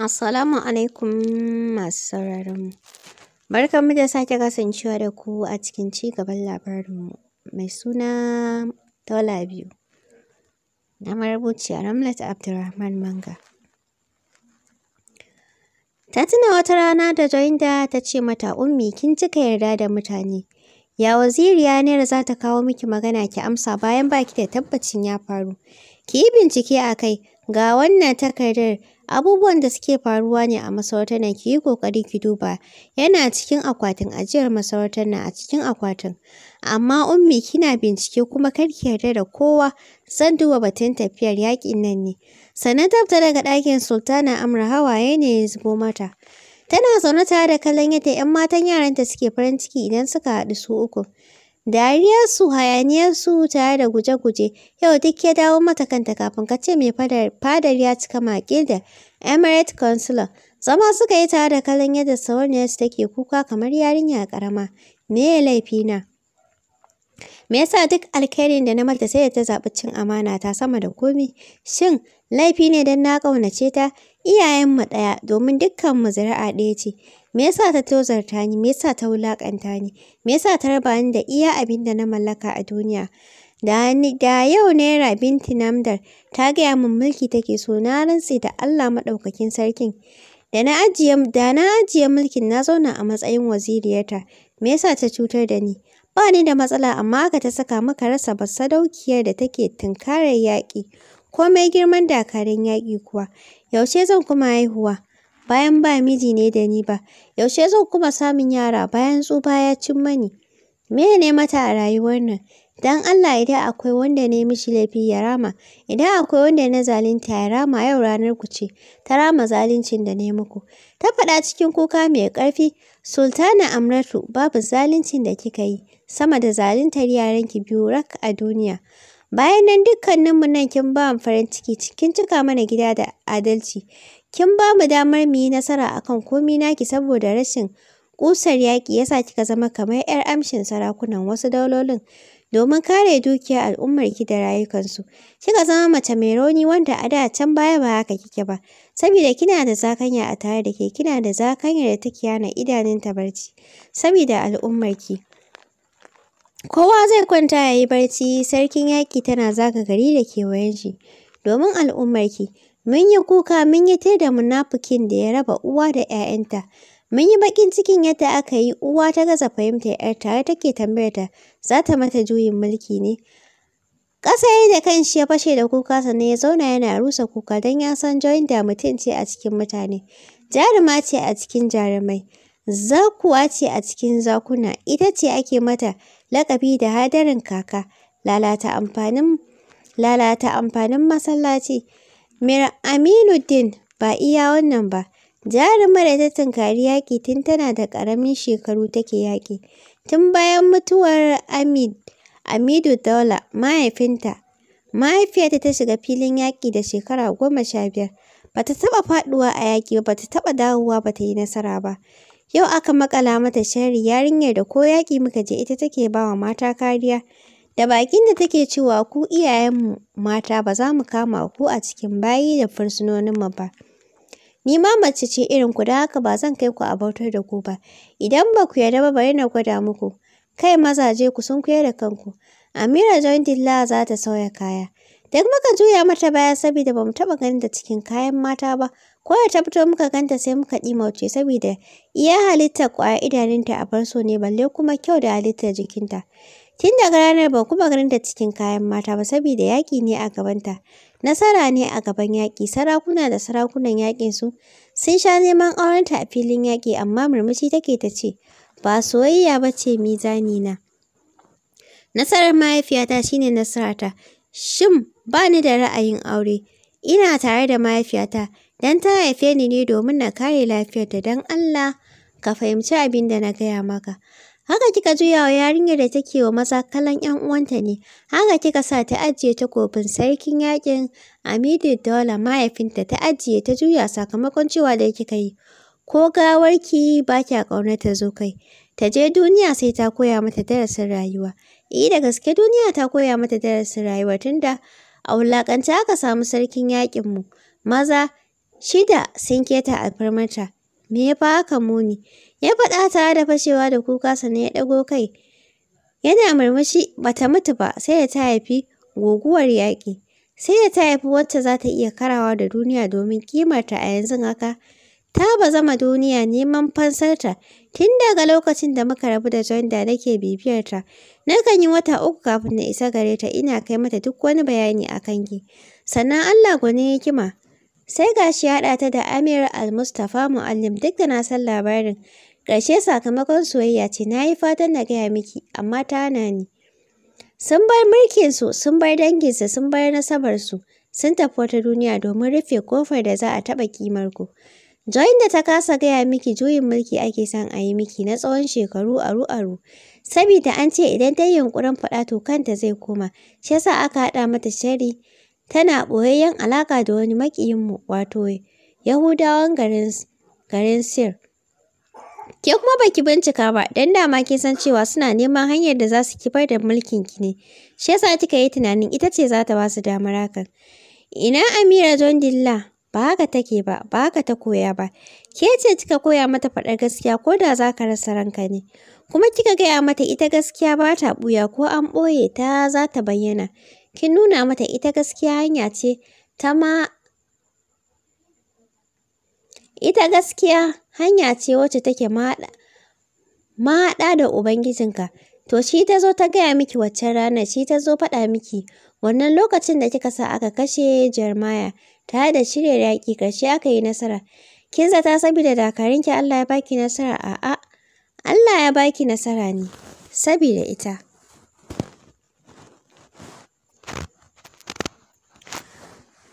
Assalamu alaikum masu sauraron mu. mu da sake kasancewa da ku a cikin ci gaban labarinmu mai suna Dola biyu. Na marubuciya Ramlat Abdulrahman Manga. Ta tuna wata rana da Joinda ta ce mata ummi kin cika yarda da mutane. Ya waziri, ne za ta kawo miki magana ki amsa bayan baki da tabbacin ya faru. Ki yi bincike a kai ga wannan takardar Abubuwan da suke faruwa ne a masarautar nan ki yi kokari ki duba. Yana cikin akwatin ajiyar masarautar nan a cikin akwatin. Amma ummi kina bincike kuma kar ki yarda da kowa zan duba batun tafiyar yakin nan ne. Sannan ta daga ɗakin Sultana Amra hawaye ne ya zubo mata. Tana zaune tare da kallon yadda 'yan matan yaranta suke farin ciki idan suka haɗu su uku. Dariyarsu, hayaniyarsu tare da guje-guje, yau duk ya dawo mata kanta kafin ka ce mai fadar ya cika maƙe da Emirate Consular. Zama suka yi tare da kalan yadda su take kuka kamar yarinya ƙarama. Me ya laifi na? Me yasa duk alkhairin da na mata sai da ta zaɓi cin amana ta sama da komi? Shin laifi ne don na ƙaunace ta? Iyayenmu ɗaya domin dukkanmu zuri'a ɗaya ce. Me yasa ta tozarta ni? Me yasa ta wulakanta ni? Me yasa ta raba ni da iya abin da na mallaka a duniya? Da da yau Naira binti Namdar ta gaya min mulki take so na rantse da Allah maɗaukakin sarkin. Da na ajiye da na ajiye mulkin na zauna a matsayin waziriyarta. Me yasa ta cutar da ni? Ba ni da matsala amma ka ta saka maka rasa basadaukiyar da take tunkarar yaƙi. Komai girman dakarun yaƙi kuwa. Yaushe zan kuma haihuwa? bayan ba miji ne da ni ba, yaushe zan kuma samun yara bayan tsufa ya cin mani? Mene ne mata a rayuwar nan? Don Allah idan akwai wanda ne mishi laifi ya rama, idan akwai wanda na zalunta ya rama yau ranar ku ce, ta rama zaluncin da ne muku. Ta faɗa cikin kuka mai ƙarfi, Sultana Amratu babu zaluncin da kika yi, sama da zaluntar ki biyu rak a duniya. Bayan nan dukkaninmu nan kin ba farin ciki, kin cika mana gida da adalci. Kin ba mu damar mu yi nasara a kan naki saboda rashin ƙusar yaƙi ya sa kika zama kamar 'yar amshin sarakunan wasu daulolin domin kare dukiyar al'ummarki da rayukansu. Kika zama mace mai rauni wanda a da can baya ba haka kike ba, saboda kina da zakanya a tare da ke, kina da zakanya da take idanun ta barci, saboda al'ummarki. Kowa zai kwanta ya yi barci, sarkin yaƙi tana zaga gari da kewayen shi, domin al'ummarki. Mun yi kuka mun yi tir da munafukin da ya raba uwa da 'ya'yanta. Mun yi baƙin cikin yadda aka yi uwa ta gaza fahimtar 'yar tare take tambayar ta za ta mata juyin mulki ne. Ƙasa ya da shi ya fashe da kuka sannan ya zauna yana rusa kuka don ya san Joinda mutum ce a cikin mutane. Jaruma ce a cikin jarumai. Zakuwa ce a cikin zakuna. Ita ce ake mata laƙabi da hadarin kaka. lalata amfanin masallaci. Mira Aminuddin ba iya wannan ba, jarumar da ta tunkari yaƙi tun tana da ƙaramin shekaru take yaƙi, tun bayan mutuwar Amidu Daula mahaifinta, mahaifiyarta ta shiga filin yaƙi da shekara goma sha biyar, ba ta taɓa faɗuwa a yaƙi ba, ba ta taɓa dawowa ba ta yi nasara ba. Yau aka maƙala mata shari yarinyar da ko yaƙi muka je ita take ba wa mata kariya. da bakin da take cewa ku mu mata ba za mu kama ku a cikin bayi da mu ba. Ni ma mace ce irin ku da haka ba zan kai ku a bautar da ku ba. Idan ba ku yarda ba bari na gwada muku. Kai mazaje ku sun kuyar da kanku. Amira Jondilla za ta sauya kaya. Duk muka juya mata baya saboda bamu mu taɓa ganin da cikin kayan mata ba. Ko ya ta fito muka ganta sai muka mauce saboda iya halitta ƙwaya idanunta a farso ne balle kuma kyau da halitta jikinta. Tun daga ranar ban kuma ganin da cikin kayan mata ba saboda yaƙi ne a gabanta. Nasara ne a gaban yaƙi, sarakuna da sarakunan yaƙinsu sun sha neman aurenta a filin yaƙi amma murmushi take ta ce, ba soyayya ba ce mizani na. Nasarar mahaifiyata shine nasarata, shin ba ni da ra'ayin aure, ina tare da mahaifiyata don ta haife ni ne domin na kare lafiyarta don Allah ka fahimci abin da na gaya maka. Haka kika juya wa yarinyar da take wa maza kalan ‘yan uwanta ne, haka kika sa ta ajiye takobin sarkin yaƙin Aminu Dola mahaifinta ta ajiye ta juya sakamakon cewa da kika yi. Ko gawarki ba kya kaunar ta zo kai, ta je duniya sai ta koya mata darasin rayuwa. Eh da gaske duniya ta koya mata darasin rayuwa tunda a wulaƙance aka samu sarkin yakin mu Maza shida sun keta alfarmarta. Me ya fa haka muni? Ya faɗa tare da fashewa da kuka sannan ya ɗago kai. Yana murmushi bata mutu ba sai da ta haifi guguwar yaƙi. Sai da ta haifi wacce za ta iya karawa da duniya domin kimarta a yanzu haka. Ta zama duniya neman fansarta tun daga lokacin da muka rabu da Jonda nake bibiyarta. Nakan yi wata uku kafin na isa gare ta ina kai mata duk wani bayani a kanki. Sannan Allah gwani hikima Sai ga shi haɗa ta da Amir Al-Mustapha Muallim duk da na san labarin. Ƙarshe sakamakon soyayya ce na yi fatan na gaya miki, amma ta hana ni. Sun bar mulkinsu, sun bar danginsu, sun bar su, sun tafi wata duniya domin rufe kofar da za a taɓa kimar ku. Join da ta kasa gaya miki juyin mulki ake san a yi miki na tsawon shekaru aru-aru. Sabida an ce idan ta yi yunƙurin faɗa to kanta zai koma, shi yasa aka haɗa mata shari tana ɓoyayyen alaƙa da wani maƙiyinmu wato Yahudawan garin Sir. Ke kuma baki bincika ba, don dama kin san cewa suna neman hanyar da za su kifar da mulkin ki ne. Shi yasa kika yi tunanin ita ce za ta ba su damar hakan. Ina Amira John Dilla ba haka take ba, ba haka ta koya ba. Ke ce kika koya mata faɗar gaskiya ko da za ka rasa ranka ne. Kuma kika gaya mata ita gaskiya ba ta ɓuya ko an ɓoye ta za ta bayyana. kin nuna mata ita gaskiya hanya ce ta ma ita gaskiya hanya ce wacce take mahaɗa maɗa da ubangijinka to shi ta zo ta gaya miki waccan ranar shi ta zo faɗa miki wannan lokacin da kika sa aka kashe jermaya tare da shirya yaƙi ƙarshe aka yi nasara kin zata saboda dakarunki Allah ya baki nasara a'a Allah ya baki nasara ne sabida ita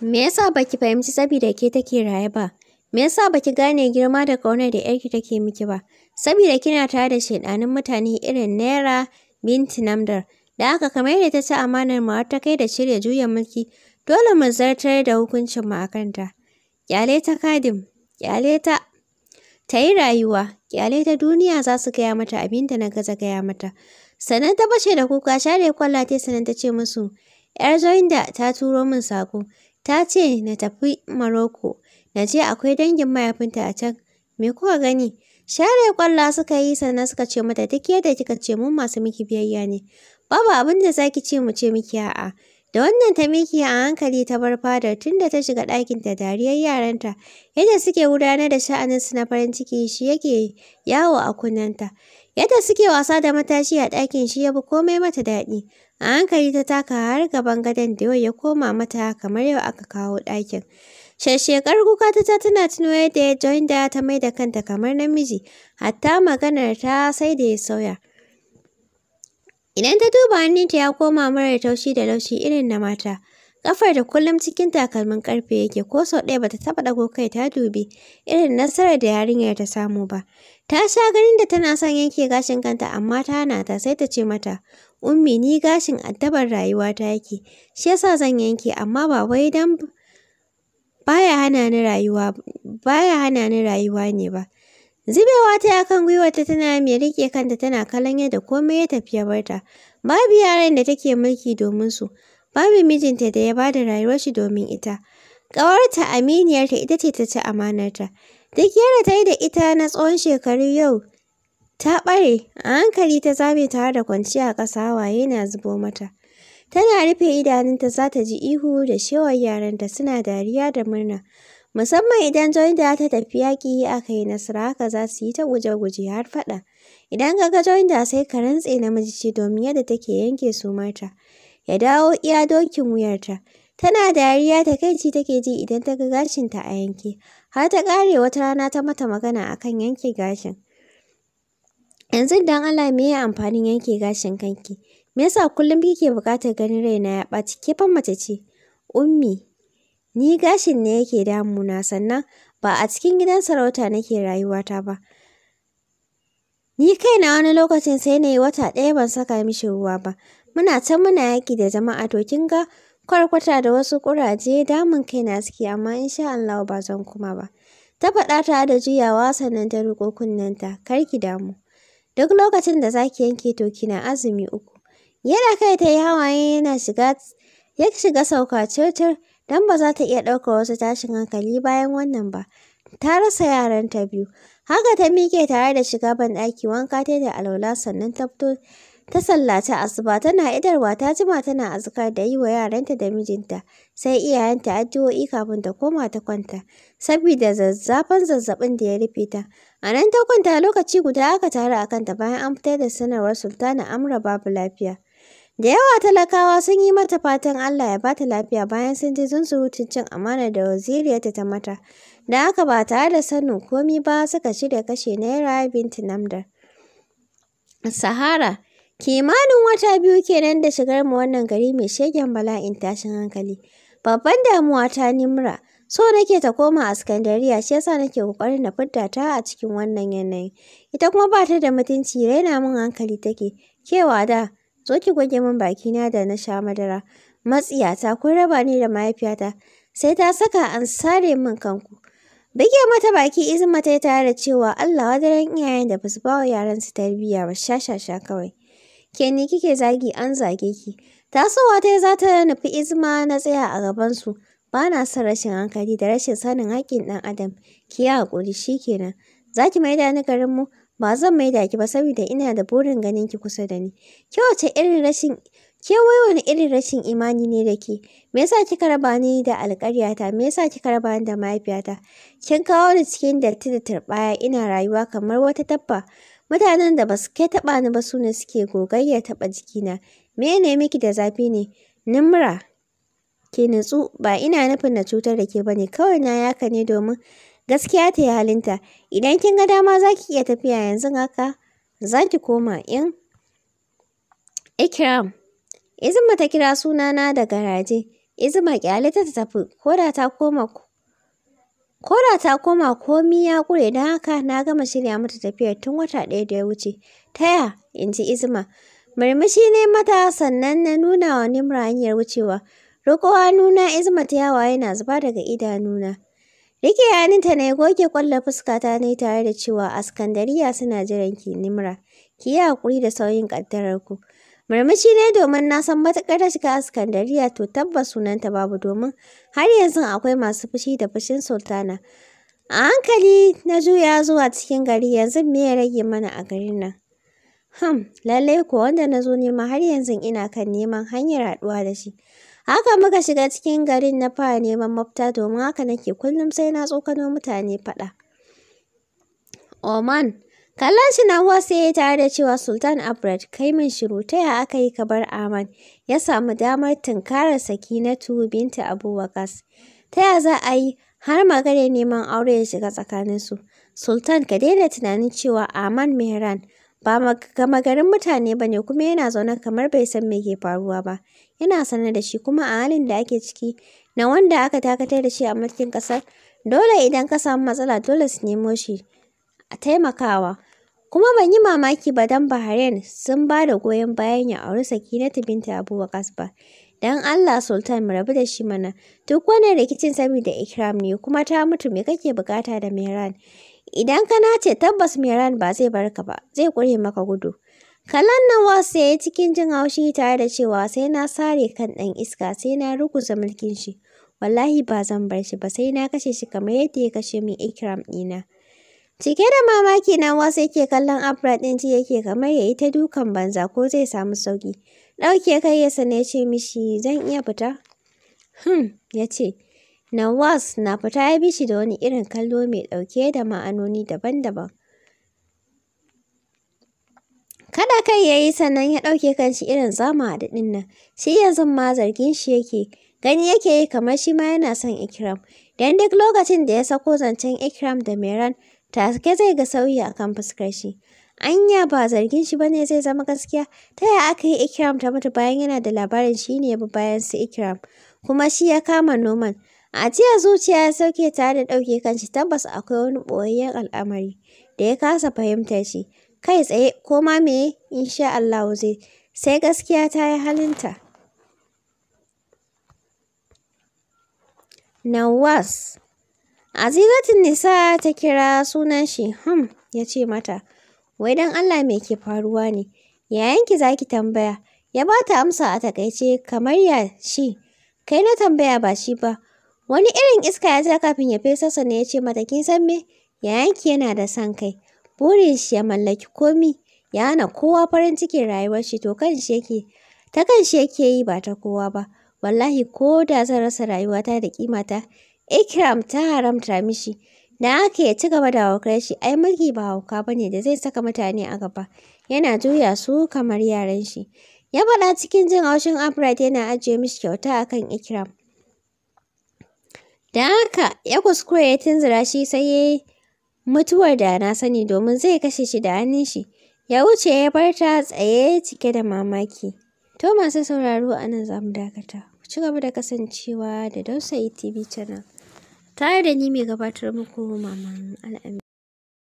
Me yasa baki fahimci saboda ke take raye ba? Me yasa baki gane girma da kauna da ‘yarki take miki ba? Sabida kina tare da shaiɗanun mutane irin Naira binti Namdar. Da haka kamar yadda ta ci amanar ma ta kai da shirya juya mulki, dole mu zartar da hukuncin mu a kanta. Kyale ta kadim, kyale ta ta yi rayuwa, kyale ta duniya za su gaya mata abin da na gaza gaya mata. Sannan ta bace da kuka share kwallate sannan ta ce musu, ‘yar da, ta turo min sako. Ta ce na tafi Morocco, na je akwai dangin mahaifinta a can. Me kuka gani? Share kwalla suka yi sannan suka ce mata duk yadda kika ce mun masu miki biyayya ne. Babu abin da zaki ce mu ce miki a'a. Da wannan ta miki a hankali ta bar fadar tunda ta shiga ɗakin ta dariyar yaranta. Yadda suke gudanar da sha'anin su na farin ciki shi yake yawo a kunnenta. Yadda suke wasa da matashi a ɗakin shi ya bi komai mata daɗi. A hankali ta taka har gaban gadon da yau ya koma mata kamar yau aka kawo ɗakin. Shashekar kuka ta tana tuno yadda ya joinda ta mai da kanta kamar namiji, hatta maganar ta sai da ya sauya. Idan ta duba hannunta ya koma mara taushi da laushi irin na mata. Kafar da kullum cikin takalmin karfe yake ko sau ɗaya bata taɓa ɗago kai ta dubi irin nasarar da yarinyar ta samu ba. Ta sha ganin da tana son yanke gashin kanta amma ta hana ta sai ta ce mata Ummi ni gashin addabar rayuwata yake, shi yasa zan yanke amma ba wai ni ba ya hana ni rayuwa ne ba. Zubewa ta yi akan gwiwarta tana mai rike kanta tana kallon yadda komai ya tafi ya Babu yaran da take mulki domin su, babu mijinta da ya bada rayuwar shi domin ita. Ƙawarta aminiyarta ita ce ta ci amanarta. Duk yadda ta yi da ita na tsawon shekaru yau Ta ɓare, a hankali ta zame tare da kwanciya a ƙasa waye na zubo mata. Tana rufe idanunta za ta ji ihu da shewar yaranta suna dariya da murna. Musamman idan Joinda ta tafi yaƙi aka yi nasara haka za su yi ta guje-guje har faɗa. Idan ka ga Joinda sai ka rantse namiji ce domin yadda take yanke su mata, Ya dawo iya dokin wuyarta. Tana dariya ta kai ci take ji idan ta ga gashinta a yanke. Har ta ƙare wata rana ta mata magana akan yanke gashin. Yanzu dan Allah me ya amfanin yanke gashin kanki? Me yasa kullum kike buƙatar ganin raina ya ɓaci? Ke fa mace ce. Ummi, ni gashin ne yake damuna sannan ba a cikin gidan sarauta nake rayuwata ba. Ni kaina wani lokacin sai na yi wata ɗaya ban saka mishi ruwa ba. Muna can muna yaƙi da jama'a to kin ga kwarkwata da wasu ƙuraje damun kaina suke amma insha Allah ba zan kuma ba. Ta faɗa ta da juyawa sannan ta riƙo ta. kar ki damu. Duk lokacin da zaki yanke toki na azumi uku. Yana kai ta yi hawaye yana shiga ya shiga sauka don ba za ta iya ɗaukar wasu tashin hankali bayan wannan ba. Ta rasa yaran ta biyu. Haka ta miƙe tare da shiga banɗaki wanka ta da alwala sannan ta fito ta sallaci asuba tana idarwa ta jima tana azkar da yi wa yaranta da mijinta sai iyayenta addu'o'i kafin ta koma ta kwanta saboda zazzafan zazzabin da ya rufe ta A nan ta kwanta lokaci guda aka taru a kanta bayan an fitar da sanarwar Sultana Amra babu lafiya. Da yawa talakawa sun yi mata fatan Allah ya bata lafiya bayan sun ji zun surutun cin amana da waziriyarta ta mata. Da aka ba tare da sanin komi ba suka shirya kashe Naira binti Namdar. Sahara kimanin wata biyu kenan da shigar mu wannan gari mai shegen bala'in tashin hankali. Babban damuwa ta Nimra So nake ta koma a Sakandariya shi yasa nake kokarin na fidda ta a cikin wannan yanayin. Ita kuma ba ta da mutunci raina min hankali take. Kewa da zo ki goge min bakina da na sha madara. Matsiyata kun raba ni da mahaifiyata sai ta saka an sare min kanku. Bige mata baki izma ta tare da cewa Allah wadaran iyayen da ba su ba wa yaran su tarbiyya ba shashasha kawai. Ke ni kike zagi an zage ki. Tasowa ta za ta nufi izma na tsaya a gabansu. Ba na son rashin hankali da rashin sanin haƙƙin ɗan adam. Ki yi haƙuri shi kenan. Za ki maida ni mu Ba zan maida ki ba saboda ina da burin ganin ki kusa da ni. Ke wace irin rashin ke wai wani irin rashin imani ne da ke? Me yasa kika raba ni da alƙaryata? Me yasa kika raba ni da mahaifiyata? Kin kawo ni cikin datti da turɓaya ina rayuwa kamar wata dabba. Mutanen da ba su ke taɓa ni ba su ne suke gogayya taɓa jikina. Me ne miki da zafi ne? Nimra. ke nutsu ba ina nufin na cutar da ke bane kawai na yaka ne domin gaskiya ta yi halinta idan kin ga dama za ki iya tafiya yanzu haka za ki koma in ikram izuma ta kira sunana da garaje izuma kyale ta tafi koda ta koma ta koma komi ya ƙure don haka na gama shirya mata tafiyar tun wata ɗaya da ya wuce. Taya, in ji Izma. Murmushi ne mata sannan na nuna wa Nimra hanyar wucewa. Roƙo izma Izmat yawa yana zuba daga idanuna. Rike hannunta na ya goge ƙwallon ta ne tare da cewa Askandariya suna jiran ki Nimra. Ki yi haƙuri da sauyin ku. Murmushi ne domin na san matuƙar ta shiga Askandariya to tabbas sunanta babu domin har yanzu akwai masu fushi da fushin sultana. A hankali na juya zuwa cikin gari yanzu me ya rage mana a garin nan. Ham, lallai ko wanda na zo nema har yanzu ina kan neman hanyar haɗuwa da shi. Haka muka shiga cikin garin na fara neman mafita domin haka nake kullum sai na tsokano mutane faɗa. Oman Kallon shi na sai ya tare da cewa Sultan Abred kai min shiru ta ya aka yi kabar Aman ya samu damar tunkarar Sakinatu binta Abu Wakas. Ta ya za a yi har magana neman aure ya shiga tsakaninsu. Sultan ka daina tunanin cewa Aman Mehran ba gama garin mutane ba ne kuma yana zaune kamar bai san me ke faruwa ba. yana sane da shi kuma a halin da ake ciki na wanda aka dakatar da shi a mulkin ƙasar, dole idan ka samu matsala dole su nemo shi a taimakawa. Kuma ban yi mamaki ba don Bahrain sun ba da goyon bayan ya auri na binta Abu Waqas ba. Don Allah Sultan mu rabu da shi mana. Duk wannan rikicin saboda Ikram ne kuma ta mutu me kake bukata da Mehran? Idan ka nace tabbas Mehran ba zai barka ka ba, zai kure maka gudu. Kallon Nawaz ya yi cikin jin haushi tare da cewa sai na sare kan ɗan iska sai na ruguza mulkin shi. Wallahi ba zan bar shi ba sai na kashe shi kamar yadda ya kashe min Ikram ɗina. Cike da mamaki wasa yake kallon Afra ɗin ji yake kamar ya yi ta dukan banza ko zai samu sauƙi. Ɗauke kai ya sane ce mishi zan iya fita? Hmm, ya ce. Nawaz na fita ya bi shi da wani irin kallo mai ɗauke da ma'anoni daban-daban. Kada kai ya yi sannan ya ɗauke kanshi irin zama a nan. Shi yanzu ma zargin shi yake. Gani yake yi kamar shi ma yana son Ikram. Dan duk lokacin da ya sako zancen Ikram da Meran, take zai ga sauyi a kan fuskar shi. Anya ba zargin shi bane zai zama gaskiya. Ta yaya aka yi Ikram ta mutu bayan yana da labarin shi ne ya bi bayan su Ikram. Kuma shi ya kama noman. A jiya zuciya ya sauke tare da ɗauke kanshi tabbas akwai wani ɓoyayyen al'amari da ya kasa fahimtar shi. kai tsaye ko ma meye insha Allahu zai sai gaskiya ta yi halinta. Nawwas Azizatin Nisa ta kira sunan shi, Hum. ya ce mata, "wai don Allah me ke faruwa ne, yayanki za ki tambaya." Ya ba ta amsa a takaice kamar ya shi, kai na tambaya ba shi ba. Wani irin iska ya ja kafin ya fesa ne ya ce mata, "Kin san me, yayanki yana da san kai." burin shi ya mallaki komi, ya hana kowa farin cikin rayuwar shi to kan shi yake, ta kan shi yake yi ba ta kowa ba. Wallahi ko da zan rasa rayuwata da ƙimata, Ikram ta haramta mishi. Na aka ya ci gaba da haukar shi, ai mulki ba hauka bane da zai saka mutane a gaba. Yana juya su kamar yaran shi. Ya faɗa cikin jin haushin upright yana ajiye mishi kyauta akan Ikram. Da haka ya kuskure ya tunzura shi sai ya yi. mutuwar da na sani domin zai kashe shi da hannun shi. Ya wuce ya bar ta tsaye cike da mamaki. To masu sauraro a nan za mu dakata. Ku ci gaba da kasancewa da Dausayi TV channel. Tare da ni mai gabatar muku Maman al'amari